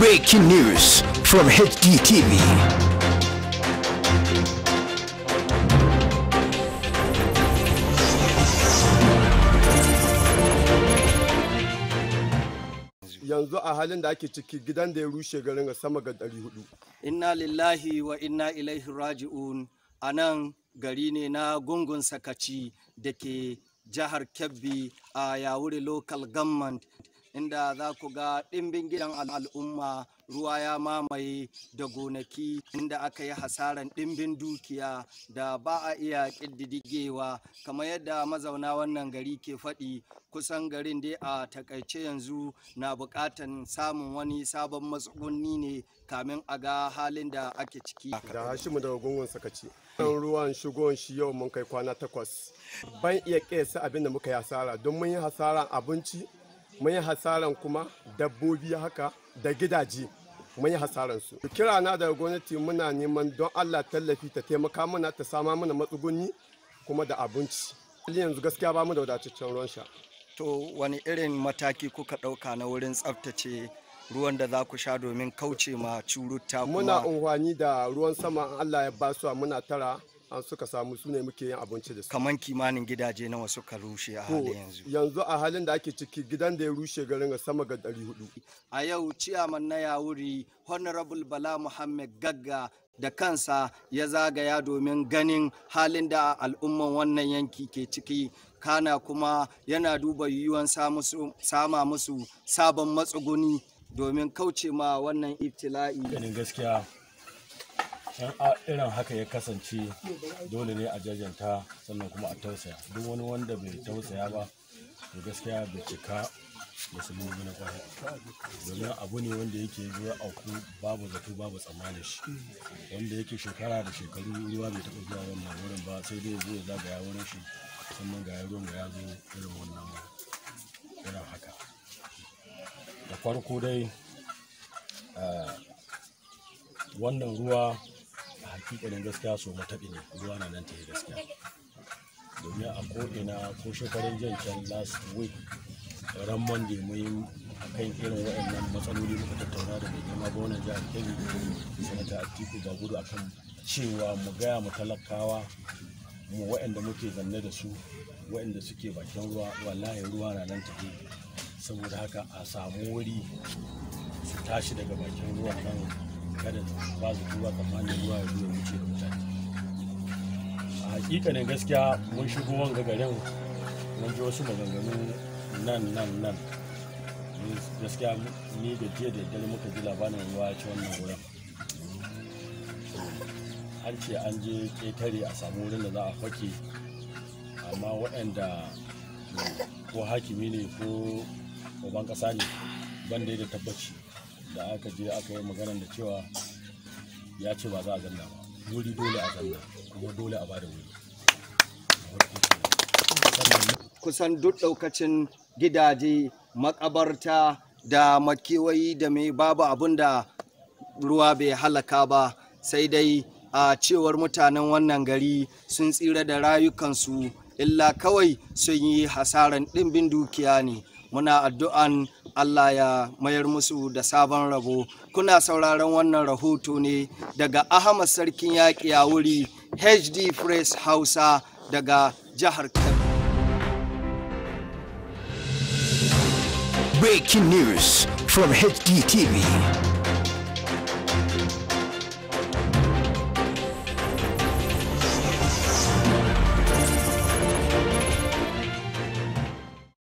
Breaking news from HDTV. Yanzu a halin da ake ciki gidan da ya rushe garin a sama ga 400. Inna lillahi wa inna ilaihi raji'un a nan gari ne na gungun sakaci da ke jihar Kebbi a Yawuri Local Government inda za ku ga ɗimbin gidan al'umma ruwa ya mamaye da gonaki inda aka yi hasaran ɗimbin dukiya da ba a iya ƙididdigewa kamar yadda mazauna wannan gari ke faɗi kusan garin dai a takaice yanzu na buƙatan samun wani sabon matsugunni ne kamin a ga halin da ake ciki da hashimu daga gungun sakaci ɗan ruwan shigon shi yau mun kai kwana takwas ban iya ƙesa abin da muka yi hasara don mun yi hasaran abinci mun yi hasaran kuma dabbobi haka da gidaje mun yi hasaran su kira na daga gwamnati muna neman don Allah tallafi ta taimaka mana ta sama mana matsuguni kuma da abinci yanzu gaskiya ba mu da wadataccen ruwan sha to wani irin mataki kuka ɗauka na wurin tsaftace ruwan da za ku sha domin kauce ma curuta muna unhwani da ruwan sama Allah ya basuwa muna tara an suka samu su ne muke yin abinci da su kaman kimanin gidaje nawa suka rushe a halin yanzu yanzu a halin da ake ciki gidan da ya rushe garin sama ga 400 a yau ciyaman na wuri honorable bala muhammad gagga da kansa ya zagaya domin ganin halin da al'umman wannan yanki ke ciki kana kuma yana duba yiwuwan sama musu sabon matsuguni domin kauce ma wannan ibtila'i ganin gaskiya irin haka ya kasance dole ne a jajanta sannan kuma a tausaya duk wani wanda bai tausaya ba to gaskiya bai cika musulmi na kwaya domin abu ne wanda yake zuwa auku babu zato babu tsammanin shi wanda yake shekara da shekaru ruwa bai taɓa zuwa wannan wurin ba sai dai zai zagaya wurin shi sannan ga yaron ga ya zo irin wannan irin haka da farko dai eh, wannan ruwa hakikanin gaskiya so mataɓi ne ruwa na nan ta yi gaskiya domin a ko'ina ko shekarun jan can last week ran monday mai a kan irin waɗannan matsaloli muka tattauna da mai girma gwamnan jihar kebbi sanata atiku ba gudu kan cewa mu gaya mu talakawa mu waɗanda muke zanne da su waɗanda suke bakin ruwa wallahi ruwa na nan tafi saboda haka a samu wuri su tashi daga bakin ruwa nan kada ba su tuwa tsammanin ruwa ya zuwa wuce da mutane a hakikanin gaskiya mun shigo wanga garin mun ji wasu maganganu nan nan nan gaskiya ni da jiya da dare muka ji labarin ruwa ya ci wannan wurin an ce an je ketare a samu wurin da za a fake amma waɗanda ko hakimi ne ko uban ƙasa ne ban da tabbaci da aka je aka yi maganar da cewa ya ce ba za a zanna ba wuri dole a zanna kuma dole a bada wuri kusan duk daukacin gidaje makabarta da makewayi da mai babu abin da ruwa bai halaka ba sai dai a cewar mutanen wannan gari sun tsira da rayukansu illa kawai sun yi hasaran ɗimbin dukiya ne muna addu'an Allah ya mayar musu da sabon rabo kuna sauraron wannan rahoto ne daga Ahmad Sarkin Yaƙi a wuri HD Press Hausa daga jihar Kano Breaking news from HDTV.